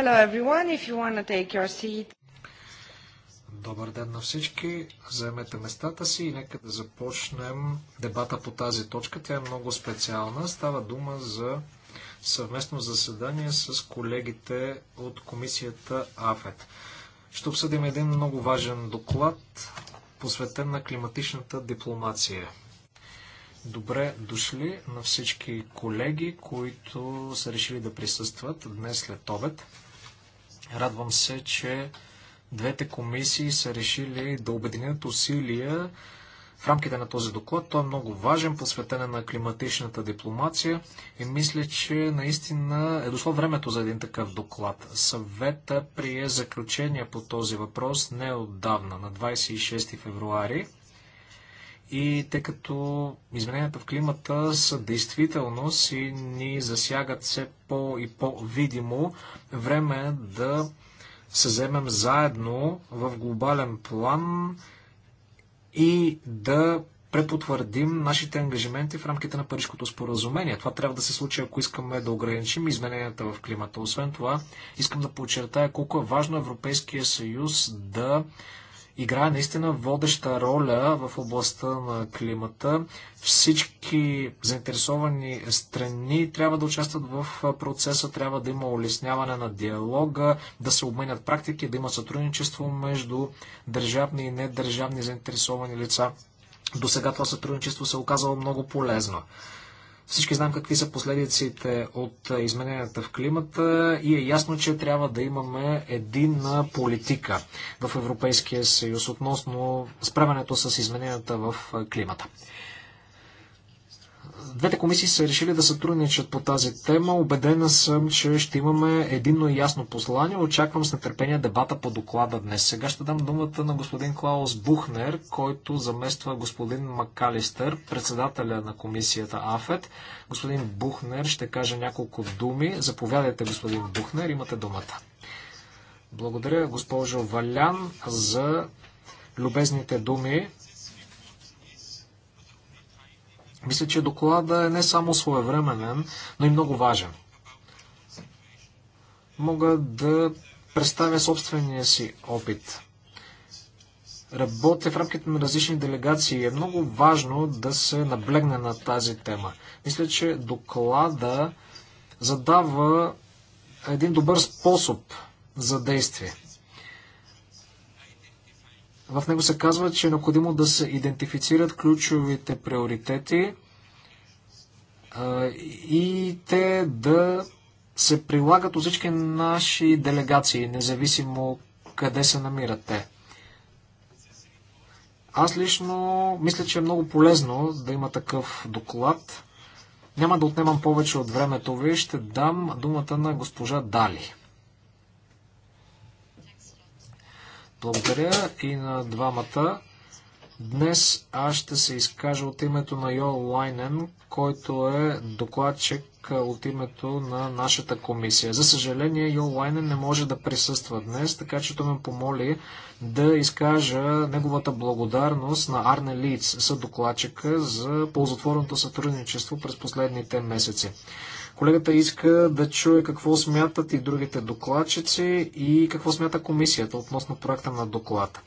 Hello everyone, if you want to take your seat. Добър ден на всички. Заемете местата си и нека да започнем дебата по тази точка. Тя е много специална. Става дума за съвместно заседание с колегите от комисията АФЕТ. Ще обсъдим един много важен доклад, посветен на климатичната дипломация. Добре дошли на всички колеги, които са решили да присъстват днес след обед. Радвам се, че двете комисии са решили да обединят усилия в рамките на този доклад. Той е много важен, посветен на климатичната дипломация и мисля, че наистина е дошло времето за един такъв доклад. Съвета прие заключение по този въпрос не отдавна, на 26 февруари. И тъй като измененията в климата са действителност и ни засягат все по- и по-видимо, време е да се вземем заедно в глобален план и да препотвърдим нашите ангажименти в рамките на Парижското споразумение. Това трябва да се случи, ако искаме да ограничим измененията в климата. Освен това, искам да подчертая колко е важно Европейския съюз да играе наистина водеща роля в областта на климата. Всички заинтересовани страни трябва да участват в процеса, трябва да има улесняване на диалога, да се обменят практики, да има сътрудничество между държавни и недържавни заинтересовани лица. До сега това сътрудничество се оказало много полезно. Всички знаем какви са последиците от измененията в климата и е ясно, че трябва да имаме единна политика в Европейския съюз относно справянето с измененията в климата. Двете комисии са решили да сътрудничат по тази тема. Обедена съм, че ще имаме единно и ясно послание. Очаквам с нетърпение дебата по доклада днес. Сега ще дам думата на господин Клаус Бухнер, който замества господин Макалистър, председателя на комисията АФЕТ. Господин Бухнер ще каже няколко думи. Заповядайте, господин Бухнер, имате думата. Благодаря, госпожо Валян, за любезните думи. Мисля, че доклада е не само своевременен, но и много важен. Мога да представя собствения си опит. Работя в рамките на различни делегации. Е много важно да се наблегне на тази тема. Мисля, че доклада задава един добър способ за действие. В него се казва, че е необходимо да се идентифицират ключовите приоритети и те да се прилагат от всички наши делегации, независимо къде се намират те. Аз лично мисля, че е много полезно да има такъв доклад. Няма да отнемам повече от времето ви. Ще дам думата на госпожа Дали. Благодаря и на двамата. Днес аз ще се изкажа от името на Йо Лайнен, който е докладчик от името на нашата комисия. За съжаление, Йо Лайнен не може да присъства днес, така че той ме помоли да изкажа неговата благодарност на Арне Лиц, съдокладчика, за ползотворното сътрудничество през последните месеци. Колегата иска да чуе какво смятат и другите докладчици и какво смята комисията относно проекта на доклада.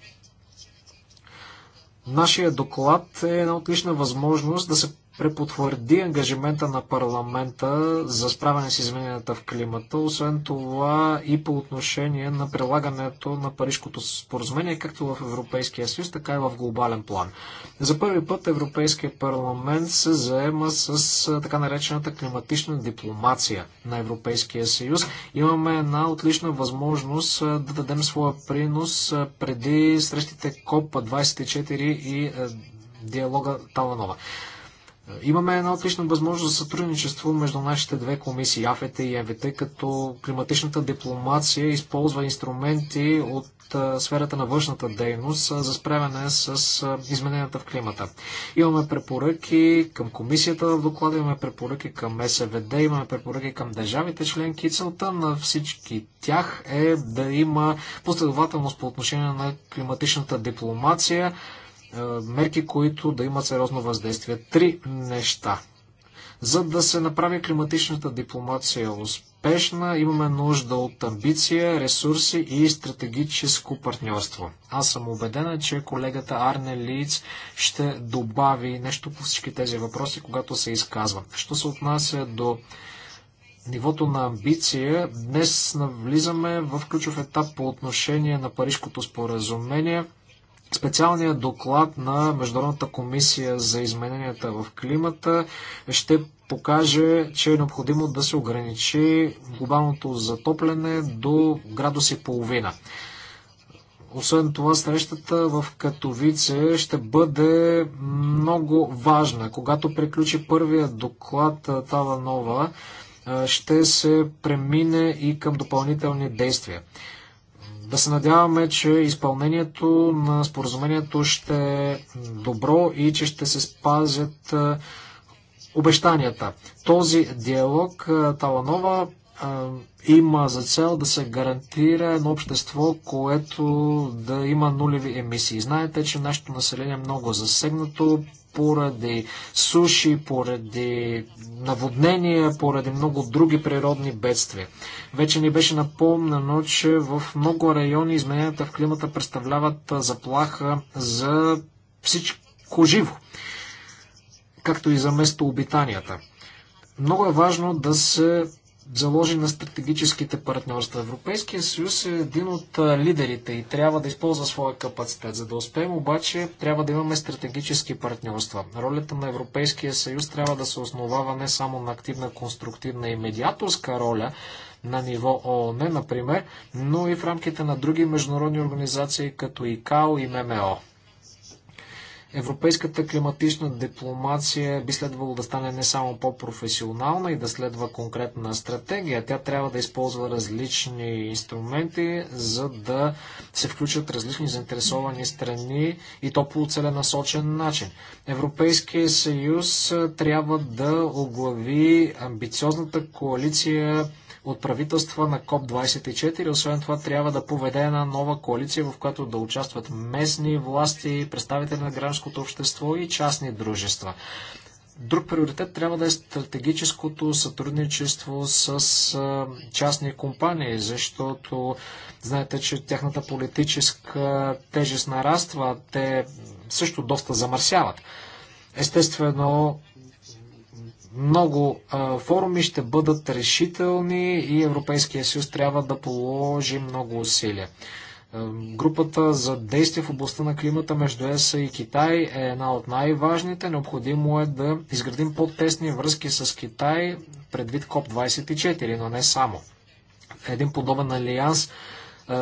Нашия доклад е една отлична възможност да се препотвърди ангажимента на парламента за справяне с измененията в климата, освен това и по отношение на прилагането на Парижкото споразумение, както в Европейския съюз, така и в глобален план. За първи път Европейския парламент се заема с така наречената климатична дипломация на Европейския съюз. Имаме една отлична възможност да дадем своя принос преди срещите КОП 24 и диалога Таланова. Имаме една отлична възможност за сътрудничество между нашите две комисии, АФЕТ и ЕВТ, като климатичната дипломация използва инструменти от сферата на външната дейност за справяне с измененията в климата. Имаме препоръки към комисията в доклада, имаме препоръки към СВД, имаме препоръки към държавите членки. Целта на всички тях е да има последователност по отношение на климатичната дипломация е, мерки, които да имат сериозно въздействие. Три неща. За да се направи климатичната дипломация успешна, имаме нужда от амбиция, ресурси и стратегическо партньорство. Аз съм убедена, че колегата Арне Лиц ще добави нещо по всички тези въпроси, когато се изказва. Що се отнася до нивото на амбиция, днес навлизаме в ключов етап по отношение на Парижкото споразумение – Специалния доклад на Международната комисия за измененията в климата ще покаже, че е необходимо да се ограничи глобалното затопляне до градуси и половина. Освен това, срещата в Катовице ще бъде много важна. Когато приключи първия доклад Тава Нова, ще се премине и към допълнителни действия. Да се надяваме, че изпълнението на споразумението ще е добро и че ще се спазят обещанията. Този диалог Таланова има за цел да се гарантира едно общество, което да има нулеви емисии. Знаете, че нашето население е много засегнато, поради суши, поради наводнения, поради много други природни бедствия. Вече ни беше напомнено, че в много райони измененията в климата представляват заплаха за всичко живо, както и за местообитанията. Много е важно да се заложи на стратегическите партньорства. Европейския съюз е един от лидерите и трябва да използва своя капацитет. За да успеем обаче, трябва да имаме стратегически партньорства. Ролята на Европейския съюз трябва да се основава не само на активна, конструктивна и медиаторска роля на ниво ООН, например, но и в рамките на други международни организации като ИКАО и ММО. Европейската климатична дипломация би следвало да стане не само по-професионална и да следва конкретна стратегия. Тя трябва да използва различни инструменти, за да се включат различни заинтересовани страни и то по целенасочен начин. Европейския съюз трябва да оглави амбициозната коалиция от правителства на КОП-24. Освен това трябва да поведе една нова коалиция, в която да участват местни власти, представители на гражданското общество и частни дружества. Друг приоритет трябва да е стратегическото сътрудничество с частни компании, защото знаете, че тяхната политическа тежест нараства, те също доста замърсяват. Естествено, много а, форуми ще бъдат решителни и Европейския съюз трябва да положи много усилия. Групата за действие в областта на климата между ЕС и Китай е една от най-важните. Необходимо е да изградим по-тесни връзки с Китай предвид КОП-24, но не само. Един подобен алианс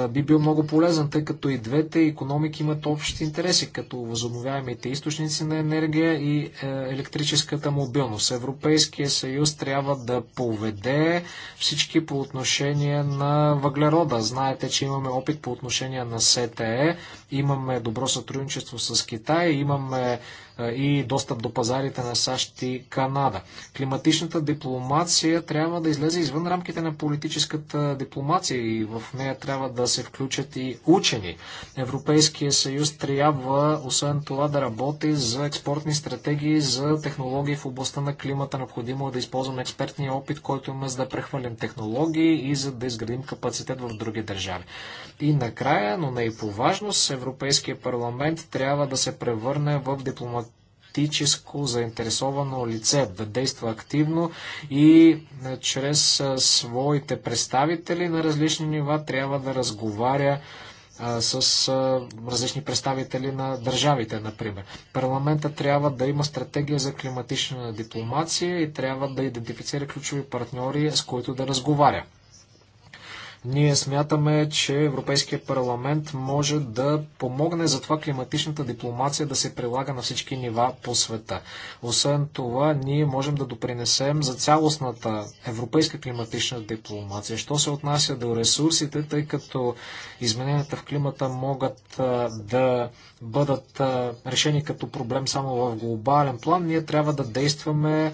би бил много полезен, тъй като и двете економики имат общи интереси, като възобновяемите източници на енергия и е, електрическата мобилност. Европейския съюз трябва да поведе всички по отношение на въглерода. Знаете, че имаме опит по отношение на СТЕ, имаме добро сътрудничество с Китай, имаме и достъп до пазарите на САЩ и Канада. Климатичната дипломация трябва да излезе извън рамките на политическата дипломация и в нея трябва да се включат и учени. Европейския съюз трябва, освен това, да работи за експортни стратегии за технологии в областта на климата. Необходимо е да използваме експертния опит, който имаме за да прехвърлим технологии и за да изградим капацитет в други държави. И накрая, но не и по важност, Европейския парламент трябва да се превърне в дипломация практическо заинтересовано лице да действа активно и е, чрез е, своите представители на различни нива трябва да разговаря е, с различни представители на държавите, например. Парламента трябва да има стратегия за климатична дипломация и трябва да идентифицира ключови партньори, с които да разговаря. Ние смятаме, че Европейския парламент може да помогне за това климатичната дипломация да се прилага на всички нива по света. Освен това, ние можем да допринесем за цялостната европейска климатична дипломация. Що се отнася до ресурсите, тъй като измененията в климата могат да бъдат решени като проблем само в глобален план, ние трябва да действаме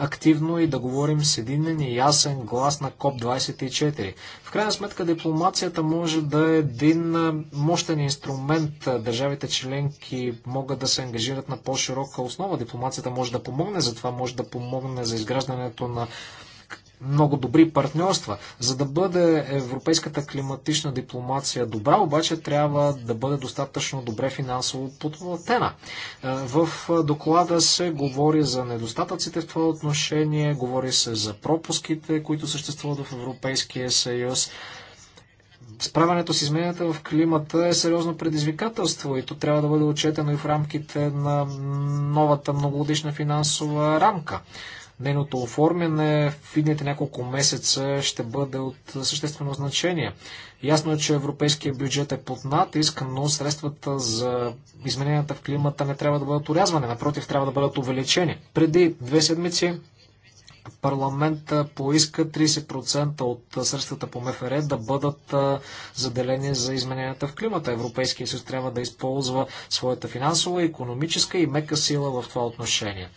активно и да говорим с един и ясен глас на КОП-24. В крайна сметка дипломацията може да е един мощен инструмент. Държавите членки могат да се ангажират на по-широка основа. Дипломацията може да помогне за това, може да помогне за изграждането на много добри партньорства. За да бъде европейската климатична дипломация добра, обаче трябва да бъде достатъчно добре финансово подплатена. Е, в доклада се говори за недостатъците в това отношение, говори се за пропуските, които съществуват в Европейския съюз. Справянето с измененията в климата е сериозно предизвикателство и то трябва да бъде отчетено и в рамките на новата многогодишна финансова рамка. Нейното оформяне в идните няколко месеца ще бъде от съществено значение. Ясно е, че европейския бюджет е под натиск, но средствата за измененията в климата не трябва да бъдат урязвани, напротив, трябва да бъдат увеличени. Преди две седмици парламента поиска 30% от средствата по МФР да бъдат заделени за измененията в климата. Европейския съюз трябва да използва своята финансова, економическа и мека сила в това отношение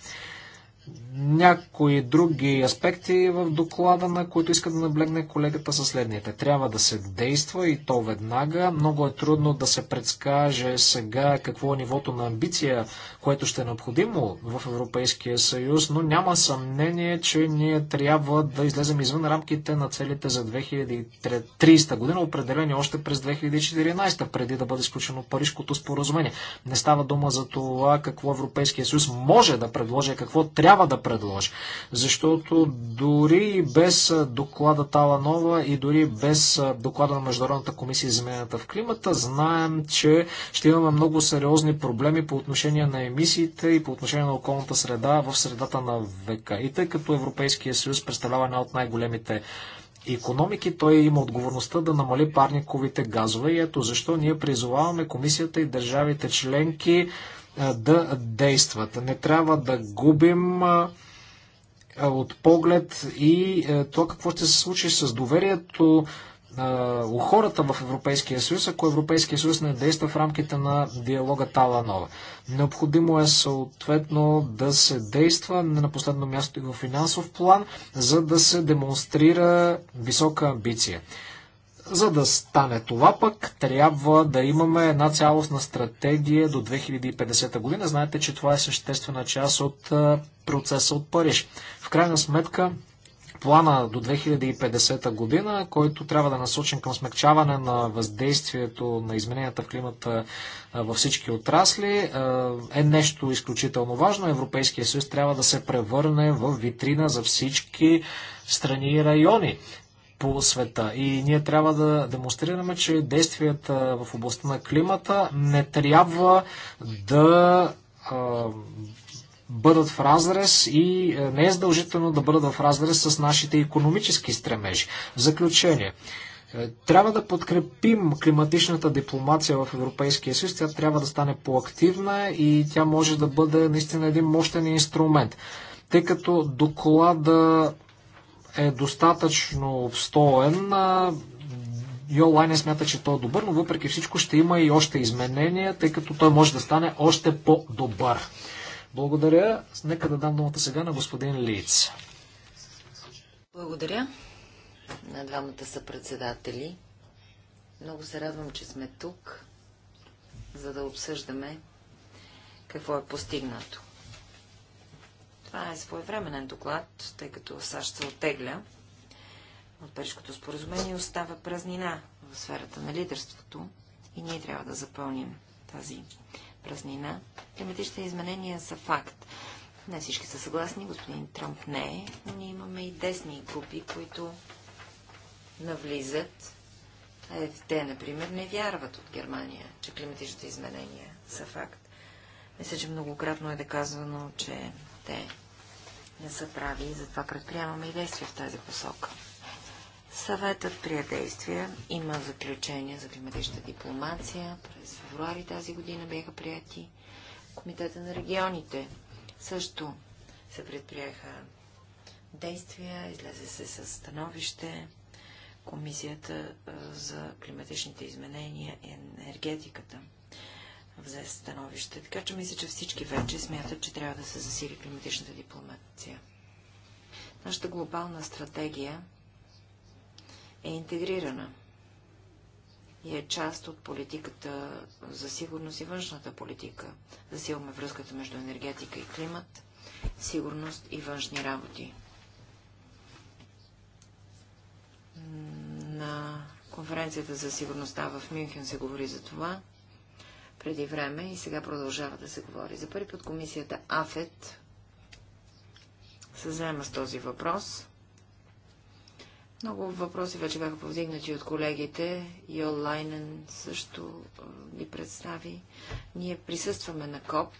някои други аспекти в доклада, на които иска да наблегне колегата са следните. Трябва да се действа и то веднага. Много е трудно да се предскаже сега какво е нивото на амбиция, което ще е необходимо в Европейския съюз, но няма съмнение, че ние трябва да излезем извън рамките на целите за 2030 година, определени още през 2014, преди да бъде изключено Парижкото споразумение. Не става дума за това какво Европейския съюз може да предложи, какво трябва трябва да предложи. Защото дори без доклада Таланова и дори без доклада на Международната комисия за измененията в климата, знаем, че ще имаме много сериозни проблеми по отношение на емисиите и по отношение на околната среда в средата на века. И тъй като Европейския съюз представлява една от най-големите економики, той има отговорността да намали парниковите газове и ето защо ние призоваваме комисията и държавите членки да действат. Не трябва да губим от поглед и това какво ще се случи с доверието у хората в Европейския съюз, ако Европейския съюз не действа в рамките на диалога Таланова. Необходимо е съответно да се действа не на последно място и в финансов план, за да се демонстрира висока амбиция. За да стане това пък, трябва да имаме една цялостна стратегия до 2050 година. Знаете, че това е съществена част от процеса от Париж. В крайна сметка, плана до 2050 година, който трябва да насочим към смягчаване на въздействието на измененията в климата във всички отрасли, е нещо изключително важно. Европейския съюз трябва да се превърне в витрина за всички страни и райони по света. И ние трябва да демонстрираме, че действията в областта на климата не трябва да бъдат в разрез и не е задължително да бъдат в разрез с нашите економически стремежи. В заключение, е, трябва да подкрепим климатичната дипломация в Европейския съюз. Тя трябва да стане по-активна и тя може да бъде наистина един мощен инструмент. Тъй като доклада е достатъчно обстоен. не смята, че той е добър, но въпреки всичко ще има и още изменения, тъй като той може да стане още по-добър. Благодаря. Нека да дам думата сега на господин Лиц. Благодаря на двамата са председатели. Много се радвам, че сме тук, за да обсъждаме какво е постигнато. Това е своевременен доклад, тъй като САЩ се отегля от Парижското споразумение остава празнина в сферата на лидерството и ние трябва да запълним тази празнина. Климатичните изменения са факт. Не всички са съгласни, господин Трамп не е, но ние имаме и десни групи, които навлизат. те, например, не вярват от Германия, че климатичните изменения са факт. Мисля, че многократно е доказано, че те не са прави и затова предприемаме и действия в тази посока. Съветът прие действия, има заключение за климатична дипломация, през февруари тази година бяха прияти Комитета на регионите. Също се предприеха действия, излезе се с становище. Комисията за климатичните изменения и енергетиката взе становище. Така че мисля, че всички вече смятат, че трябва да се засили климатичната дипломация. Нашата глобална стратегия е интегрирана и е част от политиката за сигурност и външната политика. Засилваме връзката между енергетика и климат, сигурност и външни работи. На конференцията за сигурността в Мюнхен се говори за това преди време и сега продължава да се говори. За първи път комисията АФЕТ се заема с този въпрос. Много въпроси вече бяха повдигнати от колегите. Йол Лайнен също ги представи. Ние присъстваме на КОП,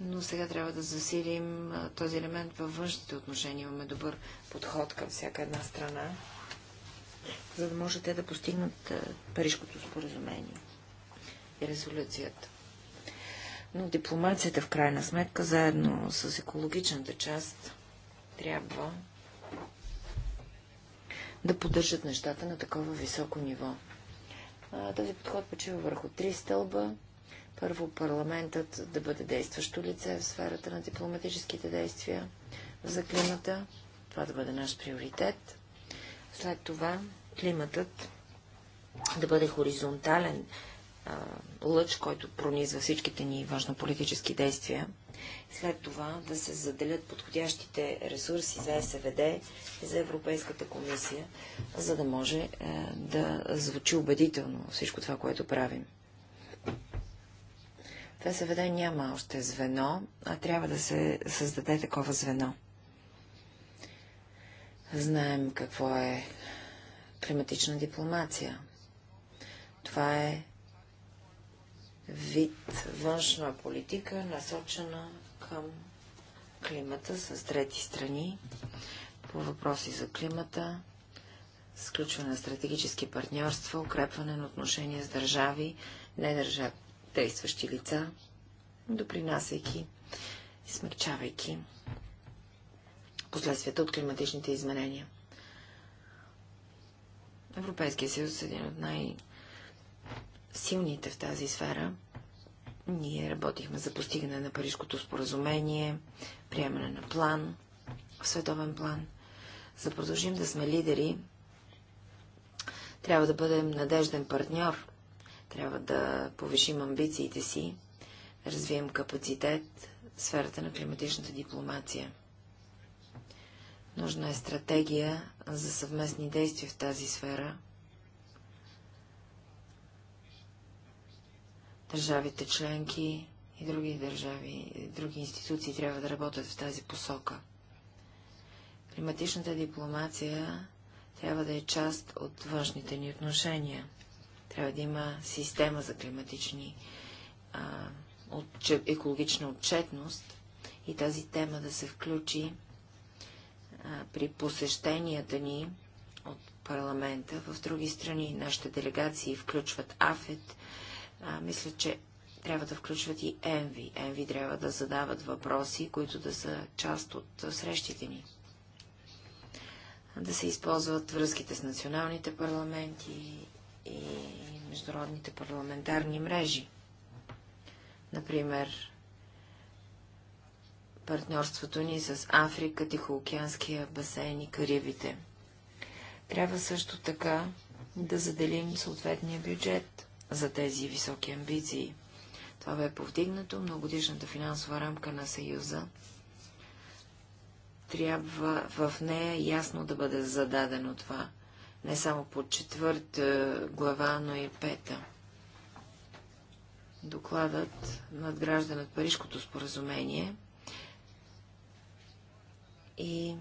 но сега трябва да засилим този елемент във външните отношения. Имаме добър подход към всяка една страна, за да може те да постигнат Парижкото споразумение резолюцията. Но дипломацията в крайна сметка, заедно с екологичната част, трябва да поддържат нещата на такова високо ниво. този подход почива върху три стълба. Първо, парламентът да бъде действащо лице в сферата на дипломатическите действия за климата. Това да бъде наш приоритет. След това климатът да бъде хоризонтален лъч, който пронизва всичките ни външнополитически действия. След това да се заделят подходящите ресурси за СВД, за Европейската комисия, за да може е, да звучи убедително всичко това, което правим. В СВД няма още звено, а трябва да се създаде такова звено. Знаем какво е климатична дипломация. Това е вид външна политика, насочена към климата с трети страни по въпроси за климата, сключване на стратегически партньорства, укрепване на отношения с държави, не държа действащи лица, допринасяйки и смягчавайки последствията от климатичните изменения. Европейския съюз е един от най- силните в тази сфера. Ние работихме за постигане на Парижкото споразумение, приемане на план, в световен план. За да продължим да сме лидери, трябва да бъдем надежден партньор, трябва да повишим амбициите си, да развием капацитет в сферата на климатичната дипломация. Нужна е стратегия за съвместни действия в тази сфера – Държавите членки и други държави, и други институции трябва да работят в тази посока. Климатичната дипломация трябва да е част от външните ни отношения. Трябва да има система за климатични а, отче, екологична отчетност и тази тема да се включи а, при посещенията ни от парламента в други страни. Нашите делегации включват АФЕТ, а, мисля, че трябва да включват и ЕНВИ. ЕНВИ трябва да задават въпроси, които да са част от срещите ни. Да се използват връзките с националните парламенти и международните парламентарни мрежи. Например, партньорството ни с Африка, Тихоокеанския басейн и Карибите. Трябва също така да заделим съответния бюджет – за тези високи амбиции. Това бе повдигнато. Многодишната финансова рамка на Съюза трябва в нея ясно да бъде зададено това. Не само по четвърта глава, но и пета. Докладът надгражданът Парижкото споразумение и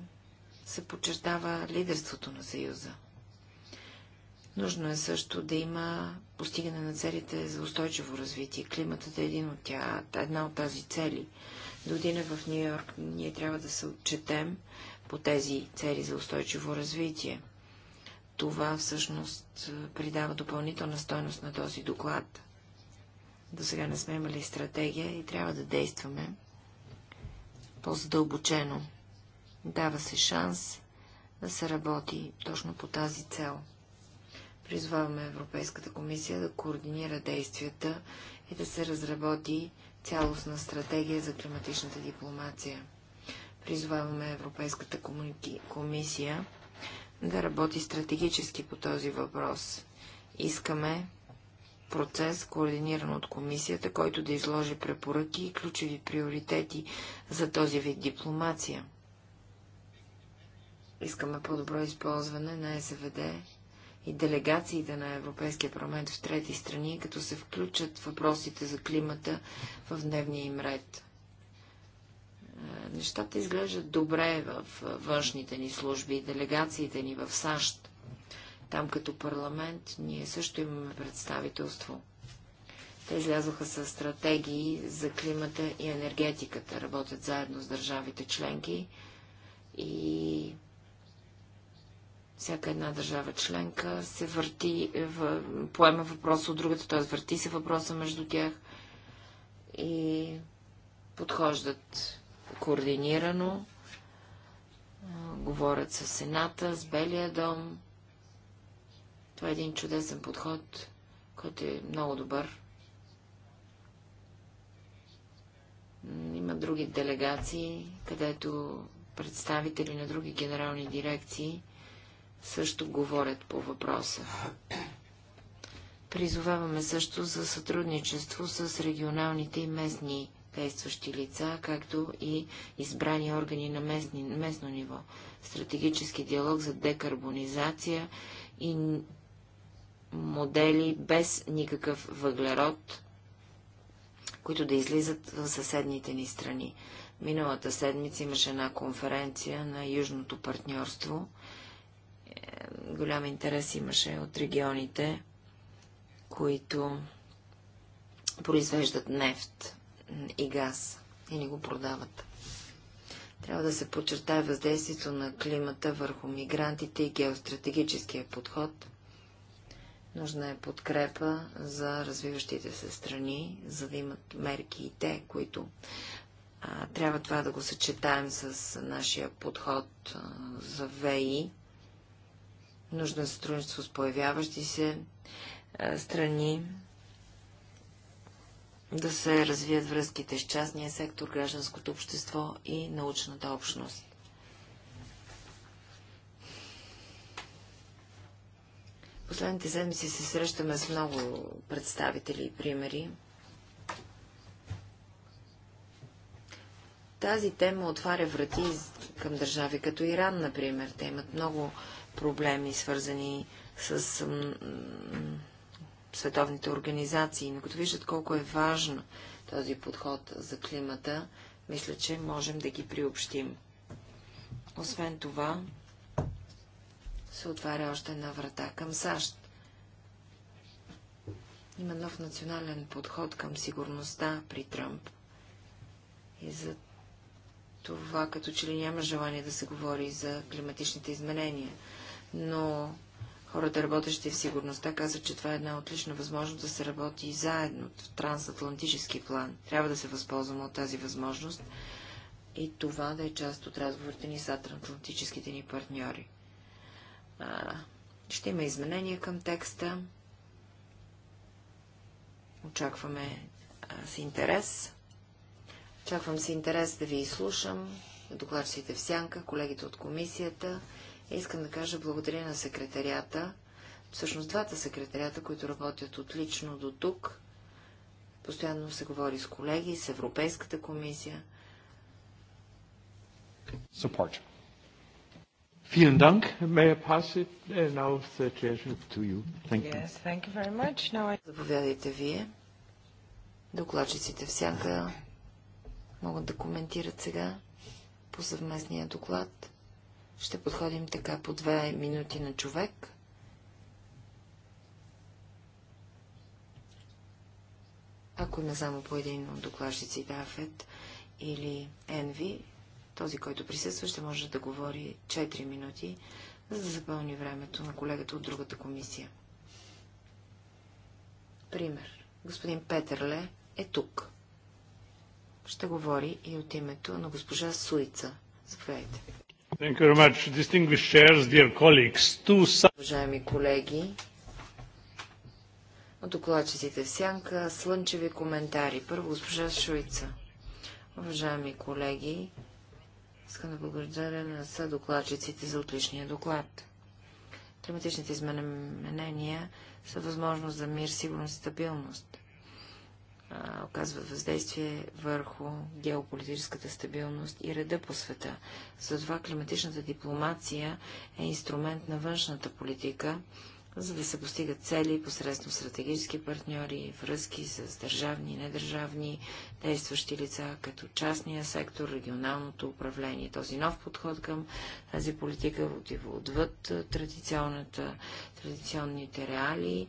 се подчертава лидерството на Съюза. Нужно е също да има постигане на целите за устойчиво развитие. Климатът е един от тя, една от тази цели. До година е в Нью Йорк ние трябва да се отчетем по тези цели за устойчиво развитие. Това всъщност придава допълнителна стойност на този доклад. До сега не сме имали стратегия и трябва да действаме по-задълбочено. Дава се шанс да се работи точно по тази цел. Призваваме Европейската комисия да координира действията и да се разработи цялостна стратегия за климатичната дипломация. Призваваме Европейската комисия да работи стратегически по този въпрос. Искаме процес, координиран от комисията, който да изложи препоръки и ключови приоритети за този вид дипломация. Искаме по-добро използване на СВД и делегациите на Европейския парламент в трети страни, като се включат въпросите за климата в дневния им ред. Е, нещата изглеждат добре в външните ни служби и делегациите ни в САЩ. Там като парламент ние също имаме представителство. Те излязоха с стратегии за климата и енергетиката, работят заедно с държавите членки и всяка една държава членка се върти, е, в, поема въпроса от другата, т.е. върти се въпроса между тях и подхождат координирано, говорят с Сената, с Белия дом. Това е един чудесен подход, който е много добър. Има други делегации, където представители на други генерални дирекции също говорят по въпроса. Призоваваме също за сътрудничество с регионалните и местни действащи лица, както и избрани органи на местни, местно ниво, стратегически диалог за декарбонизация и модели без никакъв въглерод, които да излизат в съседните ни страни. Миналата седмица имаше една конференция на Южното партньорство голям интерес имаше от регионите, които произвеждат нефт и газ и ни го продават. Трябва да се подчертае въздействието на климата върху мигрантите и геостратегическия подход. Нужна е подкрепа за развиващите се страни, за да имат мерки и те, които а, трябва това да го съчетаем с нашия подход а, за ВИ на сътрудничество с появяващи се а, страни, да се развият връзките с частния сектор, гражданското общество и научната общност. Последните седмици се срещаме с много представители и примери. Тази тема отваря врати към държави като Иран, например. Те имат много проблеми, свързани с световните организации. Но като виждат колко е важен този подход за климата, мисля, че можем да ги приобщим. Освен това, се отваря още една врата към САЩ. Има нов национален подход към сигурността при Тръмп. И за това, като че ли няма желание да се говори за климатичните изменения но хората, работещи в сигурността, казват, че това е една отлична възможност да се работи и заедно в трансатлантически план. Трябва да се възползваме от тази възможност и това да е част от разговорите ни с атлантическите ни партньори. А, ще има изменения към текста. Очакваме а, с интерес. Очаквам с интерес да ви изслушам, докладчите в сянка, колегите от комисията Искам да кажа благодаря на секретарията, всъщност двата секретарията, които работят отлично до тук. Постоянно се говори с колеги, с Европейската комисия. Support. Vielen Dank. May I pass it now the chair to you? Thank you. Yes, thank you very much. Now I... Заповядайте вие. Докладчиците всяка могат да коментират сега по съвместния доклад. Ще подходим така по две минути на човек. Ако има само по един от докладчиците Афет или Енви, този, който присъства, ще може да говори 4 минути, за да запълни времето на колегата от другата комисия. Пример. Господин Петърле е тук. Ще говори и от името на госпожа Суица. Заповядайте. Уважаеми колеги, от докладчиците в сянка, слънчеви коментари. Първо госпожа Шуица. Уважаеми колеги, искам да благодаря на докладчиците за отличния доклад. Климатичните изменения са възможност за мир, сигурност и стабилност оказва въздействие върху геополитическата стабилност и реда по света. Затова климатичната дипломация е инструмент на външната политика, за да се постигат цели посредством стратегически партньори, връзки с държавни и недържавни действащи лица, като частния сектор, регионалното управление. Този нов подход към тази политика отива отвъд традиционните реалии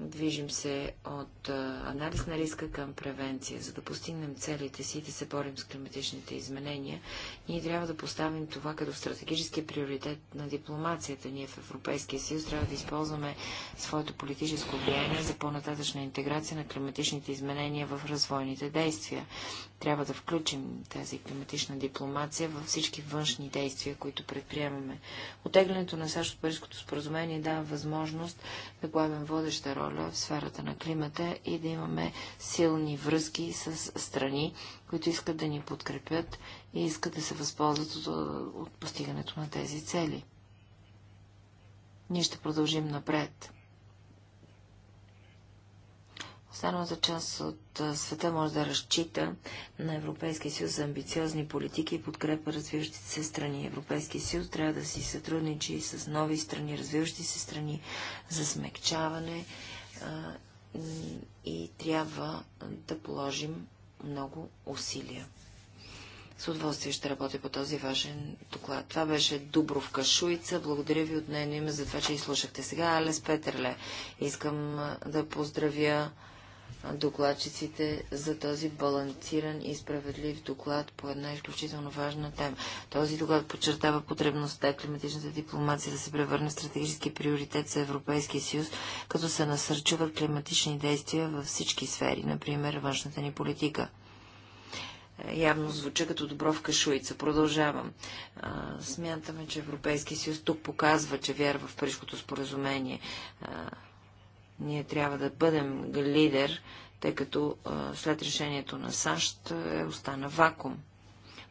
Движим се от анализ на риска към превенция. За да постигнем целите си и да се борим с климатичните изменения, ние трябва да поставим това като стратегически приоритет на дипломацията. Ние в Европейския съюз трябва да използваме своето политическо влияние за по-нататъчна интеграция на климатичните изменения в развойните действия. Трябва да включим тази климатична дипломация във всички външни действия, които предприемаме. Отеглянето на САЩ от Парижското споразумение дава възможност да поемем водеща роля роля в сферата на климата и да имаме силни връзки с страни, които искат да ни подкрепят и искат да се възползват от, от постигането на тези цели. Ние ще продължим напред. Останалата част от света може да разчита на Европейския съюз за амбициозни политики и подкрепа развиващите се страни. Европейския съюз трябва да си сътрудничи с нови страни, развиващи се страни за смягчаване и трябва да положим много усилия. С удоволствие ще работя по този важен доклад. Това беше Дубровка Шуица. Благодаря ви от нейно име за това, че изслушахте. Сега Алес Петерле, Искам да поздравя докладчиците за този балансиран и справедлив доклад по една изключително важна тема. Този доклад подчертава потребността климатичната дипломация да се превърне в стратегически приоритет за Европейския съюз, като се насърчуват климатични действия във всички сфери, например външната ни политика явно звуча като в кашуица. Продължавам. смятаме, че Европейския съюз тук показва, че вярва в Парижското споразумение. А, ние трябва да бъдем лидер, тъй като след решението на САЩ е остана вакуум.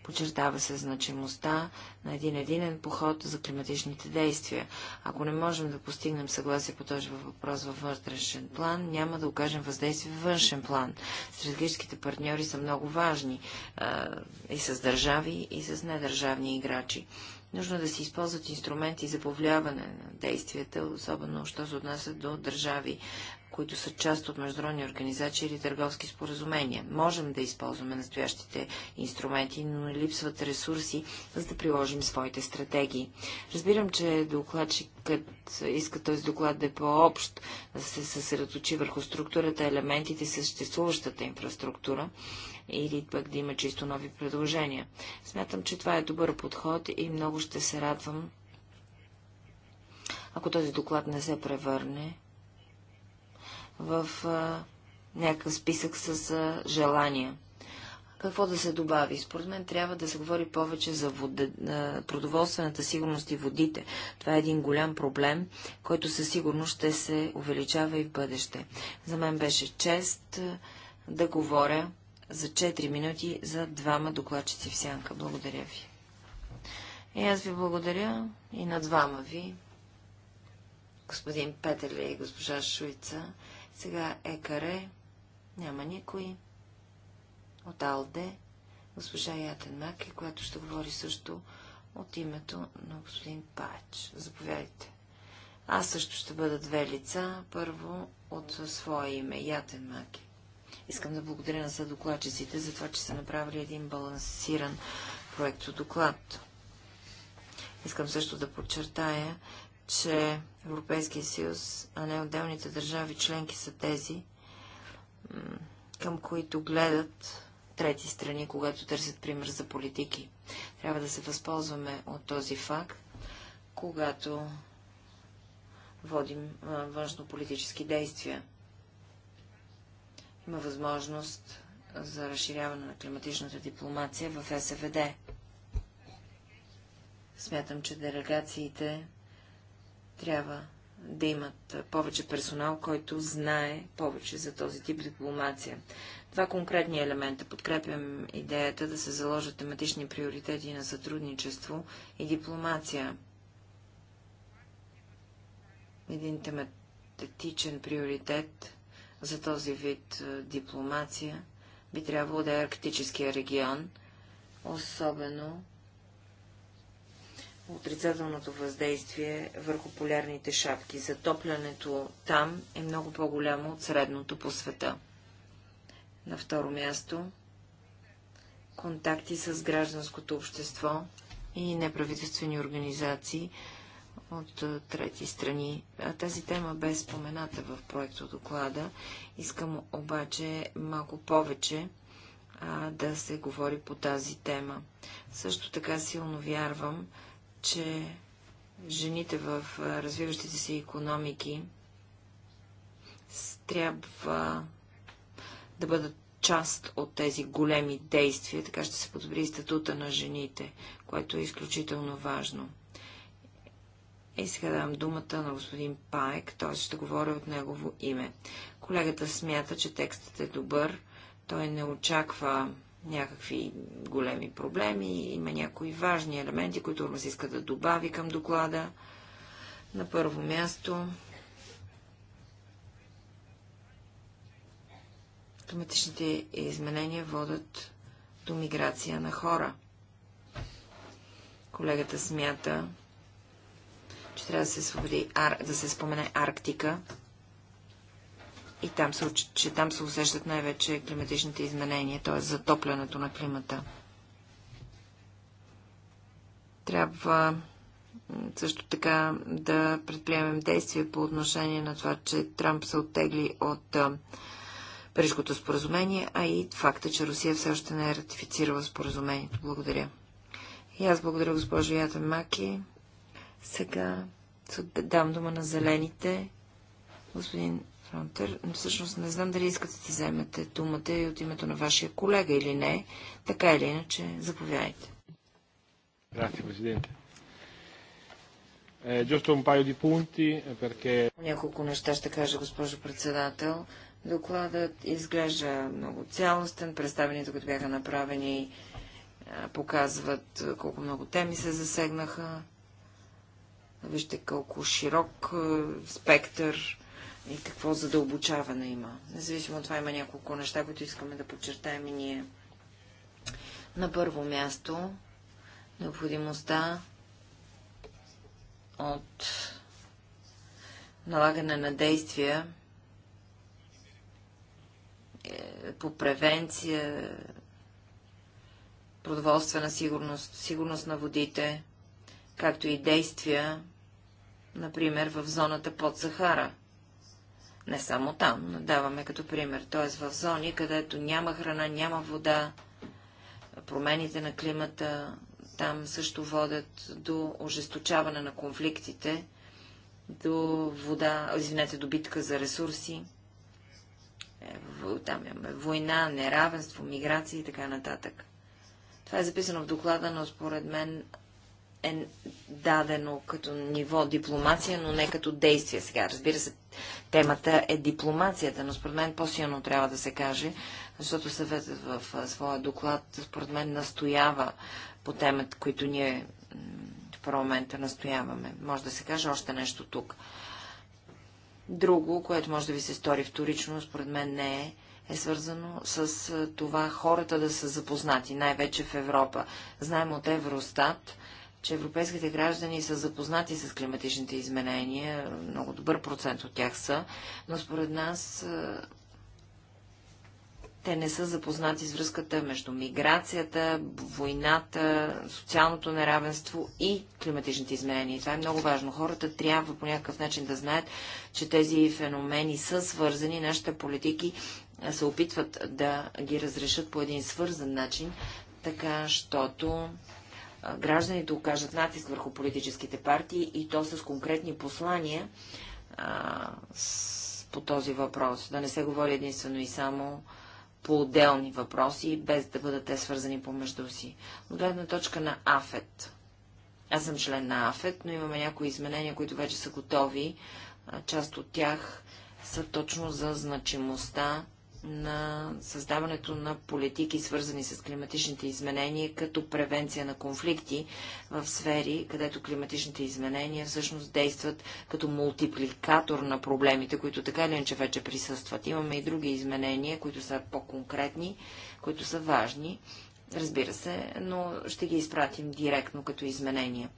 Почертава се значимостта на един единен поход за климатичните действия. Ако не можем да постигнем съгласие по този въпрос във вътрешен план, няма да окажем въздействие във външен план. Стратегическите партньори са много важни а, и с държави, и с недържавни играчи. Нужно да се използват инструменти за повлияване на действията, особено, що се отнася до държави, които са част от международни организации или търговски споразумения. Можем да използваме настоящите инструменти, но не липсват ресурси, за да приложим своите стратегии. Разбирам, че докладчикът иска този доклад да е по-общ, да се съсредоточи върху структурата, елементите, съществуващата инфраструктура, или пък да има чисто нови предложения. Смятам, че това е добър подход и много ще се радвам, ако този доклад не се превърне в а, някакъв списък с а, желания. Какво да се добави? Според мен трябва да се говори повече за вода, продоволствената сигурност и водите. Това е един голям проблем, който със сигурност ще се увеличава и в бъдеще. За мен беше чест да говоря за 4 минути за двама докладчици в сянка. Благодаря ви. И аз ви благодаря и на двама ви, господин Петеле и госпожа Шуица. Сега Екаре, няма никой. От Алде, госпожа Ятенмаки, която ще говори също от името на господин Пач. Заповядайте. Аз също ще бъда две лица. Първо от своя име, Ятен Маки. Искам да благодаря на съдокладчиците за това, че са направили един балансиран проект доклад. Искам също да подчертая, че Европейския съюз, а не отделните държави членки са тези, към които гледат трети страни, когато търсят пример за политики. Трябва да се възползваме от този факт, когато водим външно-политически действия има възможност за разширяване на климатичната дипломация в СВД. Смятам, че делегациите трябва да имат повече персонал, който знае повече за този тип дипломация. Два конкретни елемента. Подкрепям идеята да се заложат тематични приоритети на сътрудничество и дипломация. Един тематичен приоритет за този вид е, дипломация би трябвало да е арктическия регион, особено отрицателното въздействие върху полярните шапки. Затоплянето там е много по-голямо от средното по света. На второ място контакти с гражданското общество и неправителствени организации от трети страни. Тази тема бе спомената в проекто доклада. Искам обаче малко повече а, да се говори по тази тема. Също така силно вярвам, че жените в развиващите се економики трябва да бъдат част от тези големи действия, така ще се подобри статута на жените, което е изключително важно. И сега давам думата на господин Паек, Той ще говори от негово име. Колегата смята, че текстът е добър, той не очаква някакви големи проблеми, има някои важни елементи, които се иска да добави към доклада. На първо място автоматичните изменения водят до миграция на хора. Колегата смята, че трябва да се, свободи, ар, да се спомене Арктика. И там се, че там се усещат най-вече климатичните изменения, т.е. затоплянето на климата. Трябва също така да предприемем действия по отношение на това, че Трамп се оттегли от Парижското споразумение, а и факта, че Русия все още не е ратифицирала споразумението. Благодаря. И аз благодаря госпожо Ята Маки. Сега дам дума на зелените. Господин Фронтер, всъщност не знам дали искате да вземете думата и от името на вашия колега или не. Така или иначе, заповядайте. Grazie, Presidente. Е, eh, Няколко неща ще кажа, госпожо председател. Докладът изглежда много цялостен. Представените, които бяха направени, показват колко много теми се засегнаха. Вижте колко широк е, спектър и какво задълбочаване има. Независимо от това има няколко неща, които искаме да подчертаем и ние. На първо място необходимостта от налагане на действия е, по превенция, продоволствена сигурност, сигурност на водите, както и действия например в зоната под Сахара. Не само там, но даваме като пример, т.е. в зони, където няма храна, няма вода, промените на климата там също водят до ожесточаване на конфликтите, до вода, извинете, до битка за ресурси. Е, там имаме война, неравенство, миграция и така нататък. Това е записано в доклада, но според мен е дадено като ниво дипломация, но не като действие сега. Разбира се, темата е дипломацията, но според мен по-силно трябва да се каже, защото съветът в своя доклад, според мен, настоява по темата, които ние в парламента настояваме. Може да се каже още нещо тук. Друго, което може да ви се стори вторично, според мен не е, е свързано с това хората да са запознати, най-вече в Европа. Знаем от Евростат, че европейските граждани са запознати с климатичните изменения, много добър процент от тях са, но според нас те не са запознати с връзката между миграцията, войната, социалното неравенство и климатичните изменения. И това е много важно. Хората трябва по някакъв начин да знаят, че тези феномени са свързани. Нашите политики се опитват да ги разрешат по един свързан начин, така, щото гражданите окажат натиск върху политическите партии и то с конкретни послания а, с, по този въпрос. Да не се говори единствено и само по отделни въпроси, без да бъдат те свързани помежду си. Но гледна точка на АФЕТ. Аз съм член на АФЕТ, но имаме някои изменения, които вече са готови. Част от тях са точно за значимостта на създаването на политики, свързани с климатичните изменения, като превенция на конфликти в сфери, където климатичните изменения всъщност действат като мултипликатор на проблемите, които така или иначе вече присъстват. Имаме и други изменения, които са по-конкретни, които са важни. Разбира се, но ще ги изпратим директно като изменения.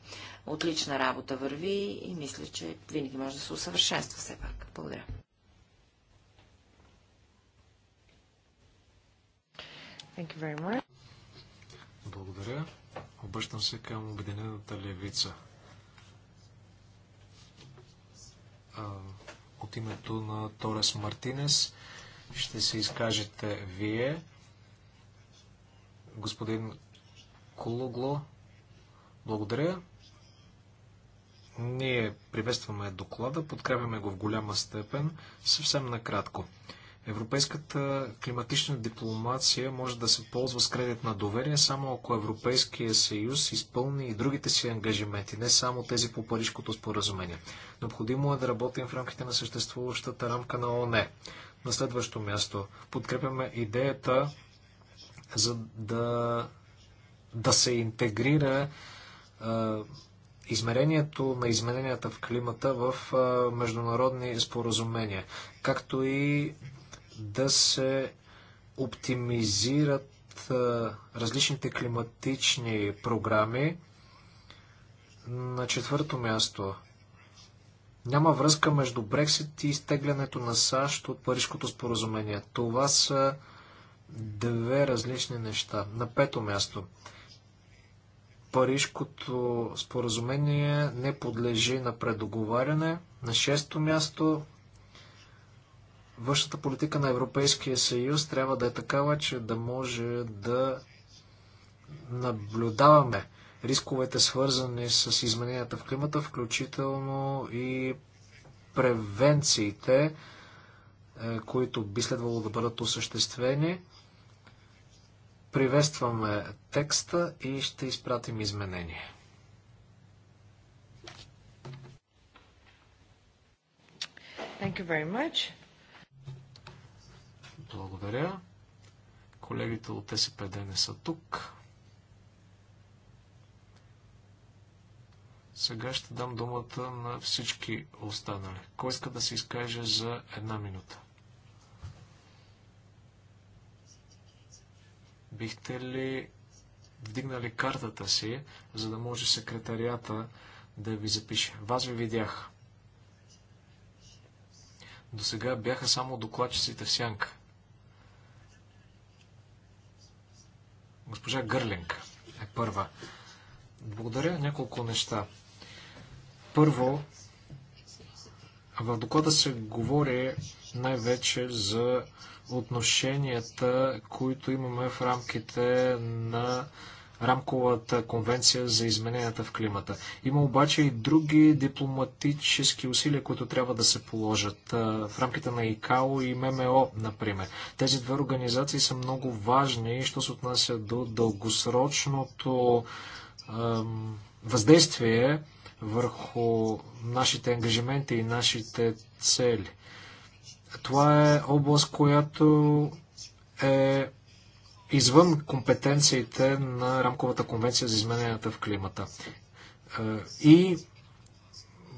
Отлична работа върви и мисля, че винаги може да се усъвършенства все пак. Благодаря. Thank you very much. Благодаря. Обръщам се към Обединената левица. А, от името на Торес Мартинес ще се изкажете вие. Господин Кулогло, благодаря. Ние приветстваме доклада, подкрепяме го в голяма степен, съвсем накратко. Европейската климатична дипломация може да се ползва с кредит на доверие само ако Европейския съюз изпълни и другите си ангажименти, не само тези по Парижкото споразумение. Необходимо е да работим в рамките на съществуващата рамка на ОНЕ. На следващо място подкрепяме идеята за да, да се интегрира а, измерението на измененията в климата в а, международни споразумения, както и да се оптимизират различните климатични програми. На четвърто място няма връзка между Брексит и изтеглянето на САЩ от Парижкото споразумение. Това са две различни неща. На пето място. Парижкото споразумение не подлежи на предоговаряне. На шесто място Външната политика на Европейския съюз трябва да е такава, че да може да наблюдаваме рисковете, свързани с измененията в климата, включително и превенциите, е, които би следвало да бъдат осъществени. Приветстваме текста и ще изпратим изменения. Thank you very much. Благодаря. Колегите от СПД не са тук. Сега ще дам думата на всички останали. Кой иска да се изкаже за една минута? Бихте ли вдигнали картата си, за да може секретарията да ви запише? Вас ви видях. До сега бяха само докладчиците в сянка. Госпожа Гърлинг е първа. Благодаря няколко неща. Първо, в доклада се говори най-вече за отношенията, които имаме в рамките на рамковата конвенция за измененията в климата. Има обаче и други дипломатически усилия, които трябва да се положат в рамките на ИКАО и ММО, например. Тези две организации са много важни, що се отнася до дългосрочното ем, въздействие върху нашите ангажименти и нашите цели. Това е област, която е извън компетенциите на рамковата конвенция за измененията в климата. Е, и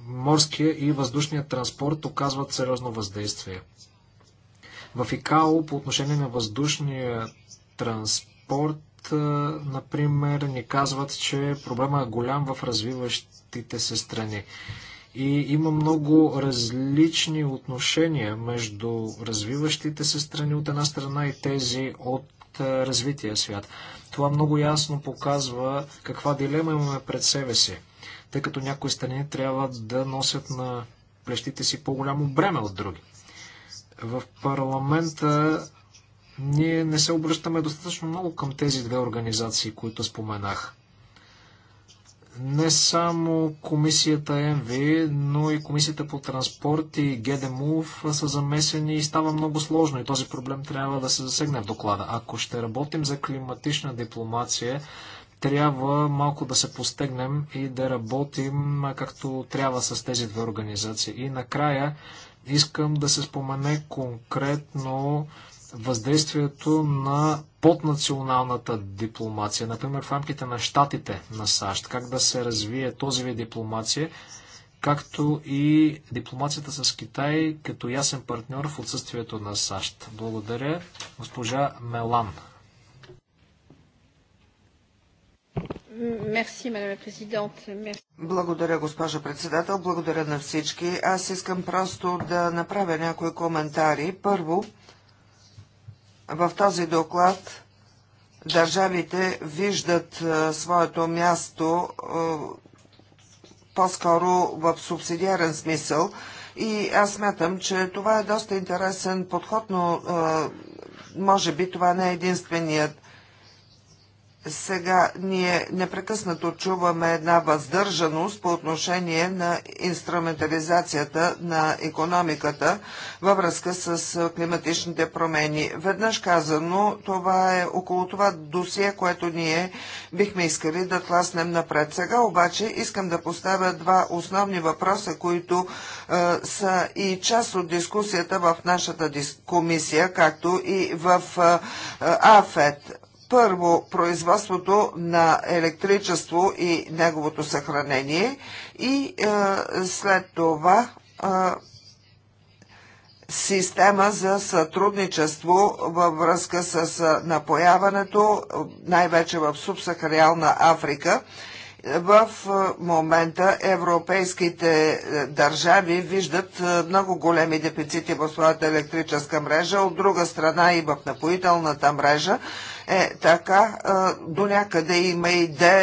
морския и въздушния транспорт оказват сериозно въздействие. В ИКАО по отношение на въздушния транспорт, е, например, ни казват, че проблема е голям в развиващите се страни. И има много различни отношения между развиващите се страни от една страна и тези от развития свят. Това много ясно показва каква дилема имаме пред себе си, тъй като някои страни трябва да носят на плещите си по-голямо бреме от други. В парламента ние не се обръщаме достатъчно много към тези две организации, които споменах не само комисията МВ, но и комисията по транспорт и ГДМУВ са замесени и става много сложно и този проблем трябва да се засегне в доклада. Ако ще работим за климатична дипломация, трябва малко да се постегнем и да работим както трябва с тези две организации. И накрая искам да се спомене конкретно въздействието на поднационалната дипломация, например в рамките на щатите на САЩ, как да се развие този вид дипломация, както и дипломацията с Китай като ясен партньор в отсъствието на САЩ. Благодаря, госпожа Мелан. Благодаря, госпожа председател. Благодаря на всички. Аз искам просто да направя някои коментари. Първо, в този доклад държавите виждат е, своето място е, по-скоро в субсидиарен смисъл. И аз смятам, че това е доста интересен подход, но е, може би това не е единственият сега ние непрекъснато чуваме една въздържаност по отношение на инструментализацията на економиката във връзка с климатичните промени. Веднъж казано, това е около това досие, което ние бихме искали да тласнем напред. Сега обаче искам да поставя два основни въпроса, които е, са и част от дискусията в нашата дис... комисия, както и в е, АФЕД първо производството на електричество и неговото съхранение и е, след това е, система за сътрудничество във връзка с е, напояването, най-вече в субсахариална Африка. В е, момента европейските е, държави виждат много големи дефицити в своята електрическа мрежа, от друга страна и в напоителната мрежа. Е, така, е, до някъде има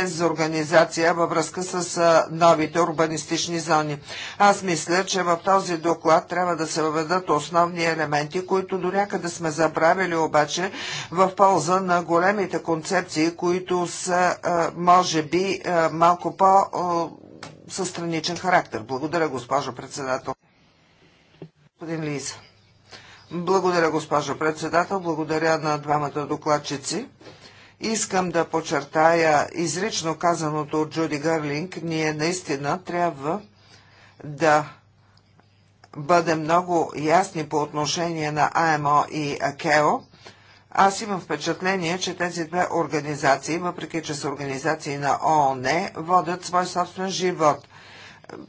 за организация във връзка с е, новите урбанистични зони. Аз мисля, че в този доклад трябва да се въведат основни елементи, които до някъде сме забравили обаче в полза на големите концепции, които са, е, може би, малко по състраничен характер. Благодаря, госпожо председател. Господин Лиза. Благодаря, госпожо председател. Благодаря на двамата докладчици. Искам да подчертая изрично казаното от Джуди Гърлинг. Ние наистина трябва да бъдем много ясни по отношение на АМО и АКЕО. Аз имам впечатление, че тези две организации, въпреки че са организации на ООН, водят свой собствен живот.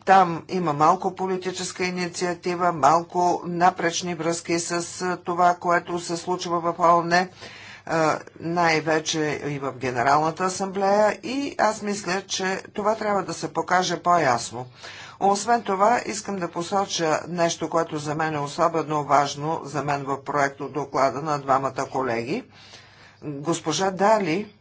Там има малко политическа инициатива, малко напречни връзки с това, което се случва в ООН, най-вече и в Генералната асамблея и аз мисля, че това трябва да се покаже по-ясно. Освен това, искам да посоча нещо, което за мен е особено важно, за мен в проекто доклада на двамата колеги. Госпожа Дали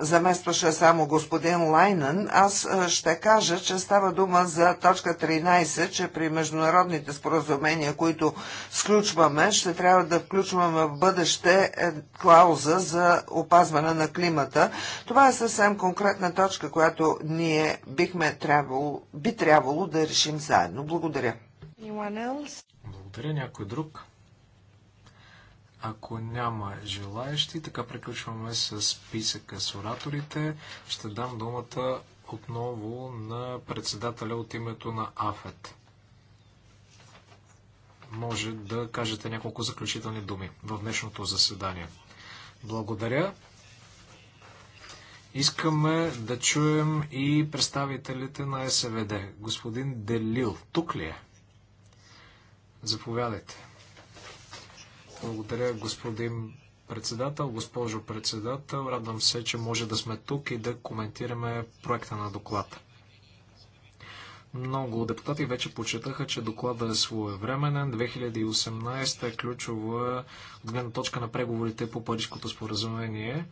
заместваше само господин Лайнен, аз ще кажа, че става дума за точка 13, че при международните споразумения, които сключваме, ще трябва да включваме в бъдеще е, клауза за опазване на климата. Това е съвсем конкретна точка, която ние бихме трябвало, би трябвало да решим заедно. Благодаря. Благодаря някой друг. Ако няма желаящи, така приключваме с списъка с ораторите. Ще дам думата отново на председателя от името на АФЕТ. Може да кажете няколко заключителни думи в днешното заседание. Благодаря. Искаме да чуем и представителите на СВД. Господин Делил, тук ли е? Заповядайте. Благодаря, господин председател, госпожо председател. Радвам се, че може да сме тук и да коментираме проекта на доклада. Много депутати вече почетаха, че доклада е своевременен. 2018 е ключова от гледна точка на преговорите по Парижското споразумение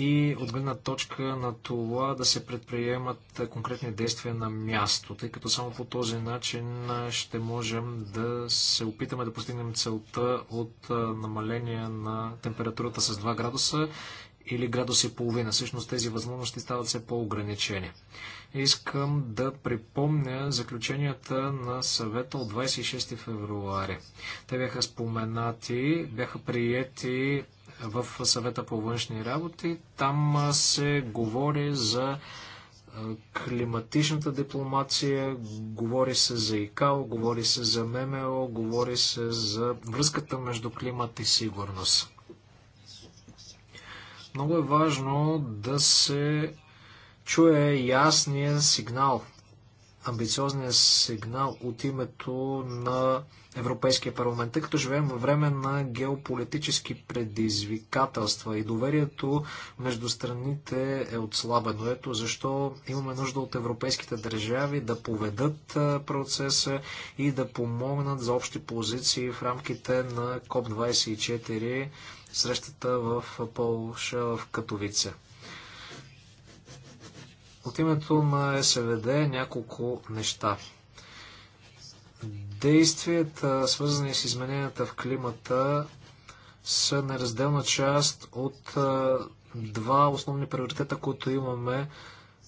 и от гледна точка на това да се предприемат конкретни действия на място, тъй като само по този начин ще можем да се опитаме да постигнем целта от намаление на температурата с 2 градуса или градус и половина. Всъщност тези възможности стават все по-ограничени. Искам да припомня заключенията на съвета от 26 февруари. Те бяха споменати, бяха приети в съвета по външни работи. Там се говори за климатичната дипломация, говори се за ИКАО, говори се за ММО, говори се за връзката между климат и сигурност. Много е важно да се чуе ясния сигнал амбициозния сигнал от името на Европейския парламент, тъй като живеем във време на геополитически предизвикателства и доверието между страните е отслабено. Ето защо имаме нужда от европейските държави да поведат процеса и да помогнат за общи позиции в рамките на КОП-24 срещата в Полша в Катовице. От името на СВД няколко неща. Действията, свързани с измененията в климата, са неразделна част от два основни приоритета, които имаме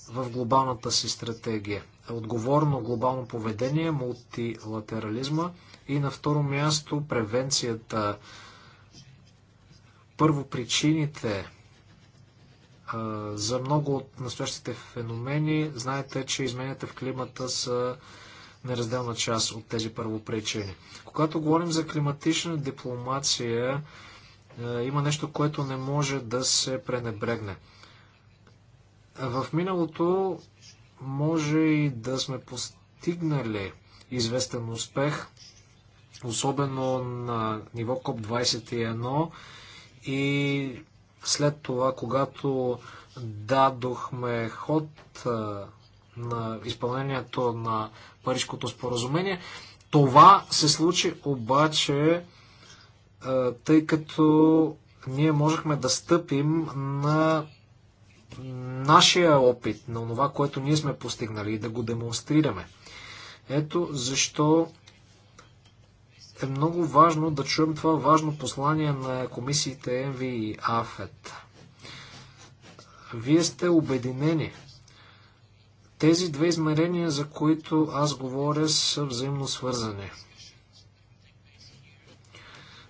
в глобалната си стратегия. Отговорно глобално поведение, мултилатерализма и на второ място превенцията. Първо причините за много от настоящите феномени знаете, че изменята в климата са неразделна част от тези първопричини. Когато говорим за климатична дипломация, е, има нещо, което не може да се пренебрегне. В миналото може и да сме постигнали известен успех, особено на ниво КОП-21 и след това, когато дадохме ход на изпълнението на Парижското споразумение, това се случи обаче, тъй като ние можехме да стъпим на нашия опит, на това, което ние сме постигнали и да го демонстрираме. Ето защо е много важно да чуем това важно послание на комисиите ЕНВИ и АФЕТ. Вие сте обединени. Тези две измерения, за които аз говоря, са взаимно свързани.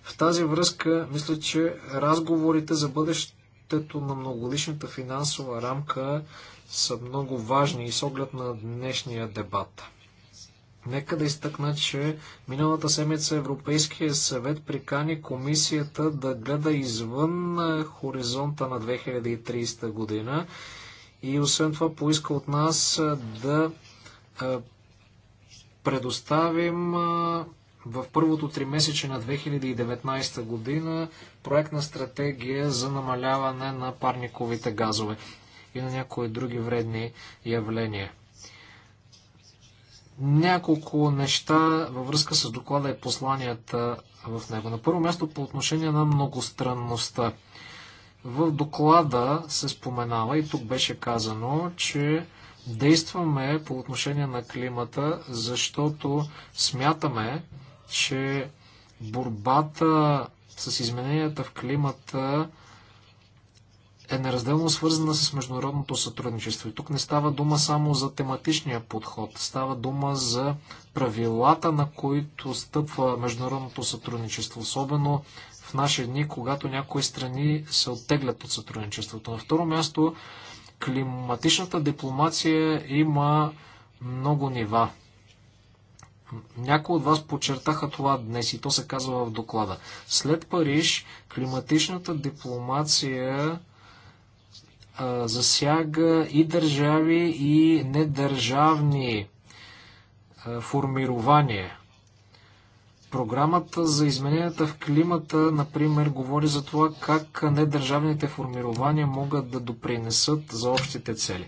В тази връзка, мисля, че разговорите за бъдещето на многоличната финансова рамка са много важни и с оглед на днешния дебат. Нека да изтъкна, че миналата седмица Европейския съвет прикани комисията да гледа извън хоризонта на 2030 година и освен това поиска от нас да предоставим в първото три месече на 2019 година проектна стратегия за намаляване на парниковите газове и на някои други вредни явления няколко неща във връзка с доклада и посланията в него. На първо място по отношение на многостранността. В доклада се споменава и тук беше казано, че действаме по отношение на климата, защото смятаме, че борбата с измененията в климата е неразделно свързана с международното сътрудничество. И тук не става дума само за тематичния подход, става дума за правилата, на които стъпва международното сътрудничество, особено в наши дни, когато някои страни се оттеглят от сътрудничеството. На второ място, климатичната дипломация има много нива. Някои от вас подчертаха това днес и то се казва в доклада. След Париж климатичната дипломация засяга и държави, и недържавни формирования. Програмата за измененията в климата, например, говори за това как недържавните формирования могат да допринесат за общите цели.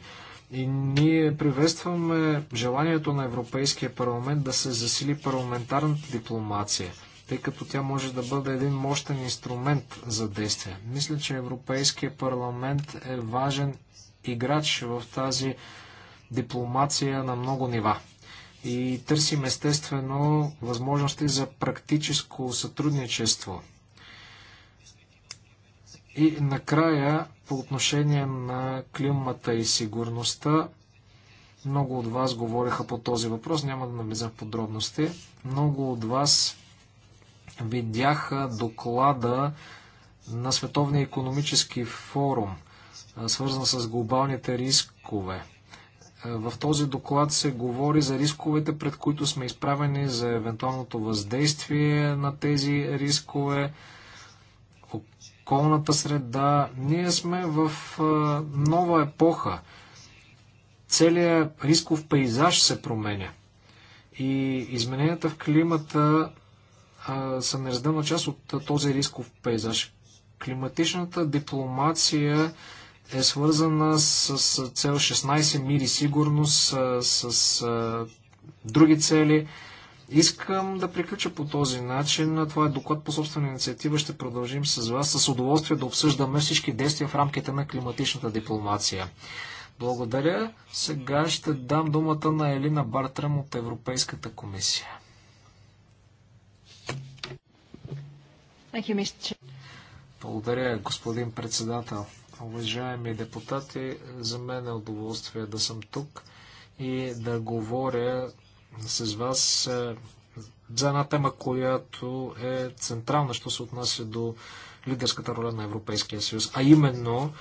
И ние приветстваме желанието на Европейския парламент да се засили парламентарната дипломация – тъй като тя може да бъде един мощен инструмент за действие. Мисля, че Европейския парламент е важен играч в тази дипломация на много нива. И търсим естествено възможности за практическо сътрудничество. И накрая, по отношение на климата и сигурността, много от вас говориха по този въпрос, няма да навлизам в подробности. Много от вас видяха доклада на Световния економически форум, свързан с глобалните рискове. В този доклад се говори за рисковете, пред които сме изправени, за евентуалното въздействие на тези рискове, околната среда. Ние сме в нова епоха. Целият рисков пейзаж се променя. И измененията в климата са неразделна част от този рисков пейзаж. Климатичната дипломация е свързана с, с цел 16 мири сигурност, с, с други цели. Искам да приключа по този начин. Това е доклад по собствена инициатива. Ще продължим с вас. С удоволствие да обсъждаме всички действия в рамките на климатичната дипломация. Благодаря. Сега ще дам думата на Елина Бартрам от Европейската комисия. Благодаря, господин председател. Уважаеми депутати, за мен е удоволствие да съм тук и да говоря с вас е, за една тема, която е централна, що се отнася до лидерската роля на Европейския съюз, а именно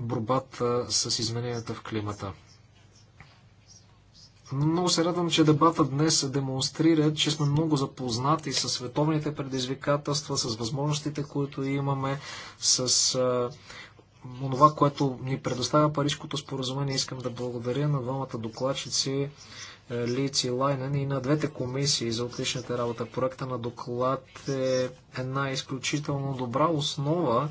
борбата с измененията в климата. Много се радвам, че дебата днес демонстрира, че сме много запознати с световните предизвикателства, с възможностите, които имаме, с а, това, което ни предоставя Парижското споразумение. Искам да благодаря на двамата докладчици е, Лици Лайнен и на двете комисии за отличната работа. Проекта на доклад е една изключително добра основа,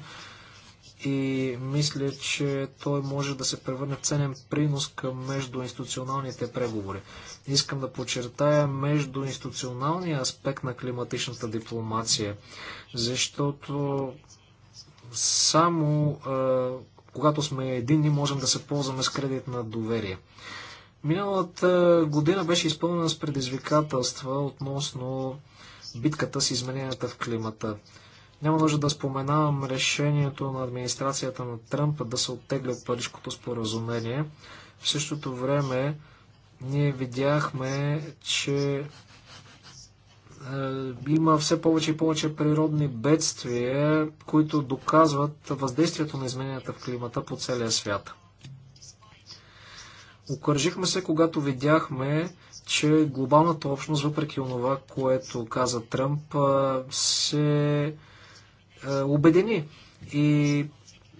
и мисля, че той може да се превърне в ценен принос към междуинституционалните преговори. Искам да подчертая междуинституционалния аспект на климатичната дипломация, защото само а, когато сме единни, можем да се ползваме с кредит на доверие. Миналата година беше изпълнена с предизвикателства относно битката с измененията в климата. Няма нужда да споменавам решението на администрацията на Тръмп да се оттегля от Парижкото споразумение. В същото време ние видяхме, че е, има все повече и повече природни бедствия, които доказват въздействието на измененията в климата по целия свят. Окържихме се, когато видяхме, че глобалната общност, въпреки онова, което каза Тръмп, е, се е, убедени и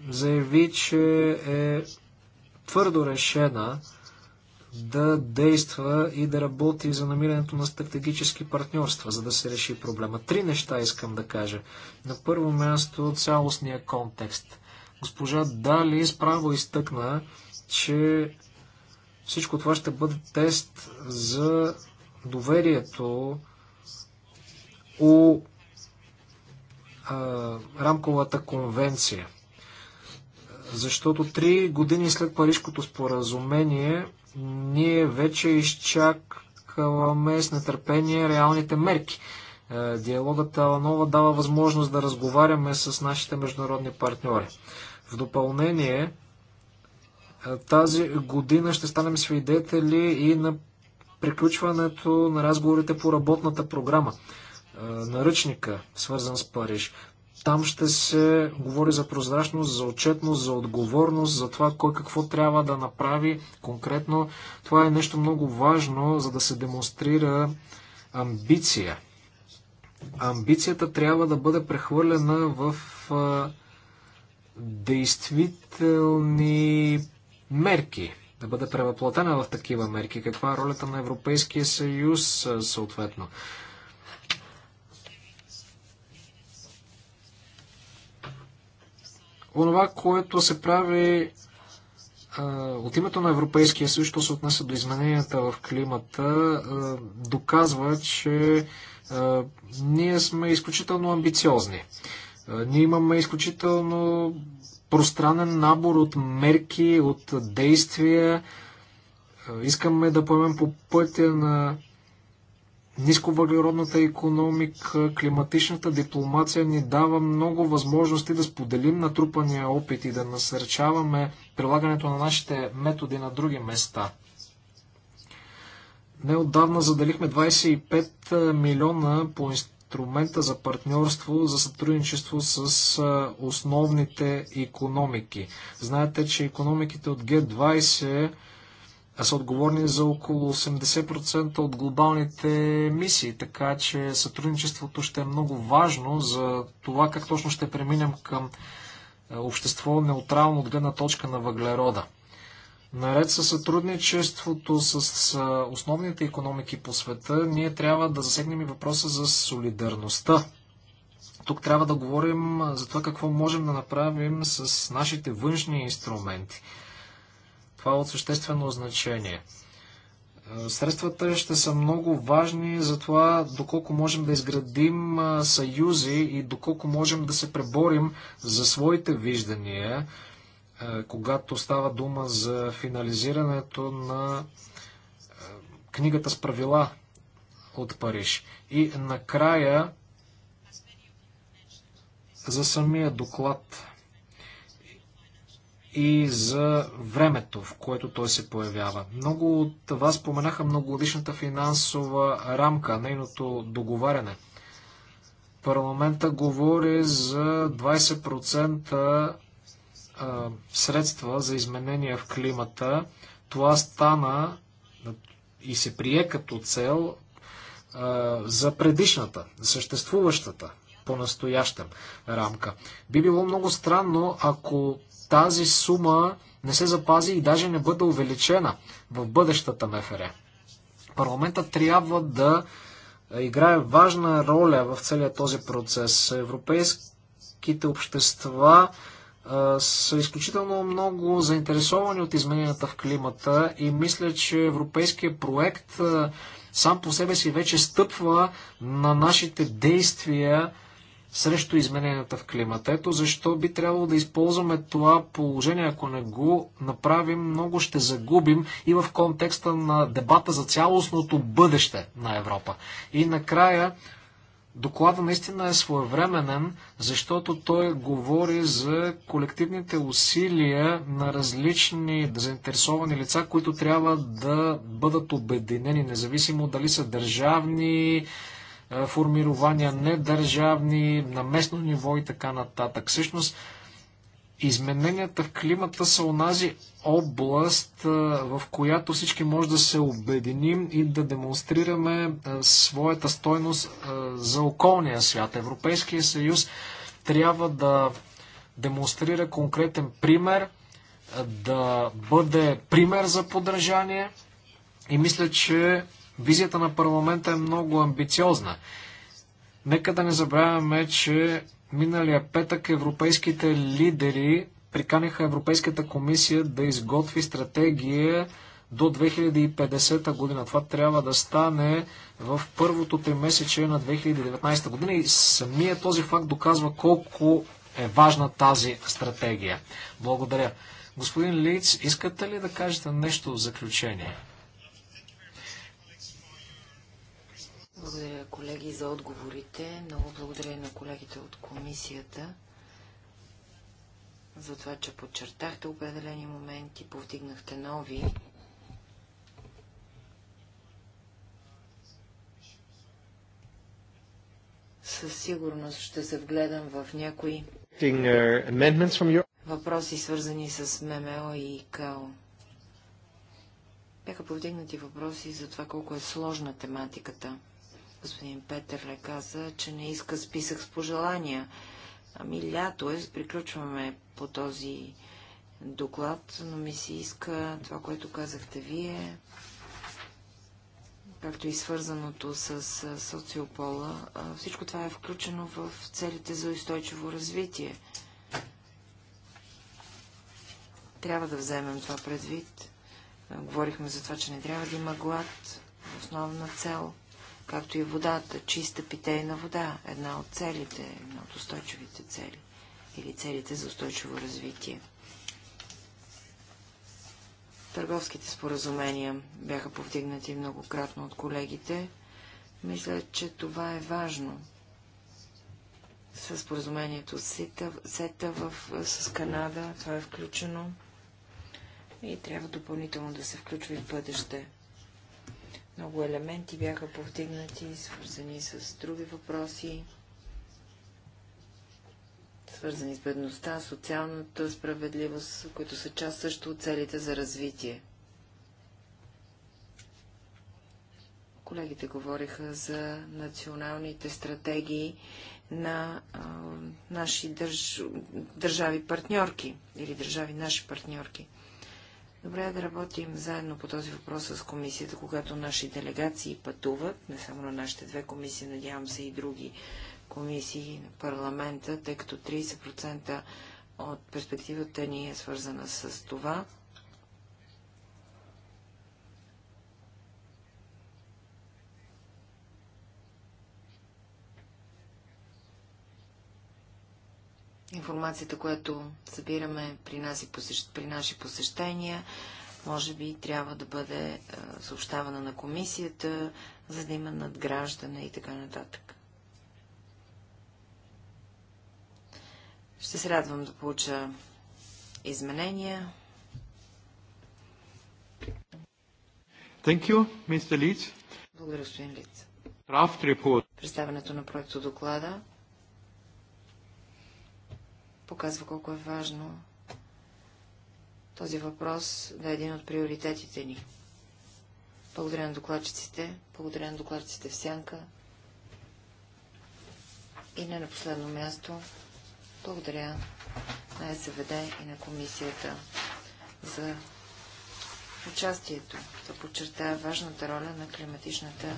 заяви, че е твърдо решена да действа и да работи за намирането на стратегически партньорства, за да се реши проблема. Три неща искам да кажа. На първо място цялостния контекст. Госпожа Дали справо изтъкна, че всичко това ще бъде тест за доверието у рамковата конвенция. Защото три години след Парижкото споразумение ние вече изчакваме с нетърпение реалните мерки. Е, диалогът Аланова дава възможност да разговаряме с нашите международни партньори. В допълнение, е, тази година ще станем свидетели и на приключването на разговорите по работната програма наръчника, свързан с Париж. Там ще се говори за прозрачност, за отчетност, за отговорност, за това кой какво трябва да направи конкретно. Това е нещо много важно, за да се демонстрира амбиция. Амбицията трябва да бъде прехвърлена в действителни мерки, да бъде превъплатена в такива мерки. Каква е ролята на Европейския съюз съответно? онова, което се прави от името на Европейския съюз, що се отнася до измененията в климата, доказва, че ние сме изключително амбициозни. Ние имаме изключително пространен набор от мерки, от действия. Искаме да поемем по пътя на нисковъглеродната економика, климатичната дипломация ни дава много възможности да споделим натрупания опит и да насърчаваме прилагането на нашите методи на други места. Неотдавна заделихме 25 милиона по инструмента за партньорство, за сътрудничество с основните економики. Знаете, че економиките от Г20 са отговорни за около 80% от глобалните мисии. така че сътрудничеството ще е много важно за това как точно ще преминем към е, общество неутрално от гледна точка на въглерода. Наред с сътрудничеството с е, основните економики по света, ние трябва да засегнем и въпроса за солидарността. Тук трябва да говорим за това какво можем да направим с нашите външни инструменти. Това е от съществено значение. Е, средствата ще са много важни за това доколко можем да изградим е, съюзи и доколко можем да се преборим за своите виждания, е, когато става дума за финализирането на книгата с правила от Париж. И накрая за самия доклад и за времето, в което той се появява. Много от вас споменаха многогодишната финансова рамка, нейното договаряне. Парламента говори за 20% средства за изменения в климата. Това стана и се прие като цел за предишната, съществуващата по настояща рамка. Би било много странно, ако тази сума не се запази и даже не бъде увеличена в бъдещата МФР. Парламентът трябва да играе важна роля в целия този процес. Европейските общества са изключително много заинтересовани от измененията в климата и мисля, че европейският проект сам по себе си вече стъпва на нашите действия срещу измененията в климата. Ето защо би трябвало да използваме това положение. Ако не го направим, много ще загубим и в контекста на дебата за цялостното бъдеще на Европа. И накрая, доклада наистина е своевременен, защото той говори за колективните усилия на различни заинтересовани лица, които трябва да бъдат обединени, независимо дали са държавни, формирования, недържавни, на местно ниво и така нататък. Всъщност, измененията в климата са онази област, в която всички може да се обединим и да демонстрираме своята стойност за околния свят. Европейския съюз трябва да демонстрира конкретен пример, да бъде пример за подражание и мисля, че Визията на парламента е много амбициозна. Нека да не забравяме, че миналия петък европейските лидери приканиха Европейската комисия да изготви стратегия до 2050 година. Това трябва да стане в първото три месече на 2019 година и самия този факт доказва колко е важна тази стратегия. Благодаря. Господин Лиц, искате ли да кажете нещо в заключение? Благодаря, колеги, за отговорите. Много благодаря на колегите от комисията за това, че подчертахте определени моменти, повдигнахте нови. Със сигурност ще се вгледам в някои въпроси, свързани с ММО и КАО. Бяха повдигнати въпроси за това колко е сложна тематиката. Господин ле каза, че не иска списък с пожелания. Ами лято е, приключваме по този доклад, но ми се иска това, което казахте вие, както и свързаното с социопола, всичко това е включено в целите за устойчиво развитие. Трябва да вземем това предвид. Говорихме за това, че не трябва да има глад, основна цел – както и водата, чиста питейна вода, една от целите, една от устойчивите цели или целите за устойчиво развитие. Търговските споразумения бяха повдигнати многократно от колегите. Мисля, че това е важно. С споразумението СЕТА, СЕТА в, с Канада, това е включено и трябва допълнително да се включва и в бъдеще. Много елементи бяха повдигнати, свързани с други въпроси, свързани с бедността, социалната справедливост, които са част също от целите за развитие. Колегите говориха за националните стратегии на а, наши държ... държави партньорки или държави наши партньорки. Добре е да работим заедно по този въпрос с комисията, когато наши делегации пътуват, не само на нашите две комисии, надявам се и други комисии на парламента, тъй като 30% от перспективата ни е свързана с това Информацията, която събираме при, нас посещ... при наши посещения, може би трябва да бъде е, съобщавана на комисията, за да има надграждане и така нататък. Ще се радвам да получа изменения. Thank you, Mr. Leeds. Благодаря, господин Лиц. Представянето на проекто доклада показва колко е важно този въпрос да е един от приоритетите ни. Благодаря на докладчиците, благодаря на докладчиците в Сянка и не на последно място, благодаря на СВД и на комисията за участието, да подчертая важната роля на климатичната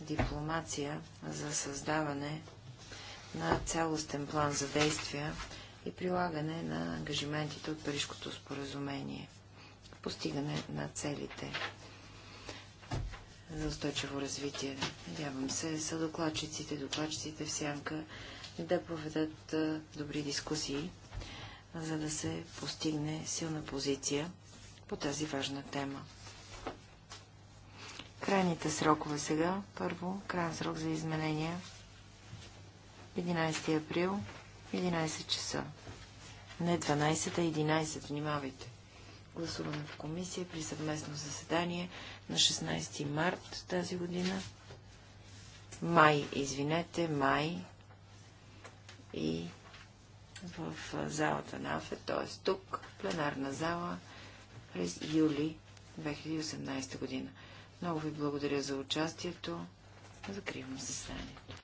дипломация за създаване на цялостен план за действия и прилагане на ангажиментите от Парижкото споразумение, постигане на целите за устойчиво развитие. Надявам се са докладчиците, докладчиците в сянка да проведат добри дискусии, за да се постигне силна позиция по тази важна тема. Крайните срокове сега. Първо, крайен срок за изменения 11 април, 11 часа. Не 12, а 11, внимавайте. Гласуваме в комисия при съвместно заседание на 16 март тази година. Май, извинете, май и в залата на АФЕ, т.е. тук, пленарна зала, през юли 2018 година. Много ви благодаря за участието. Закривам заседанието.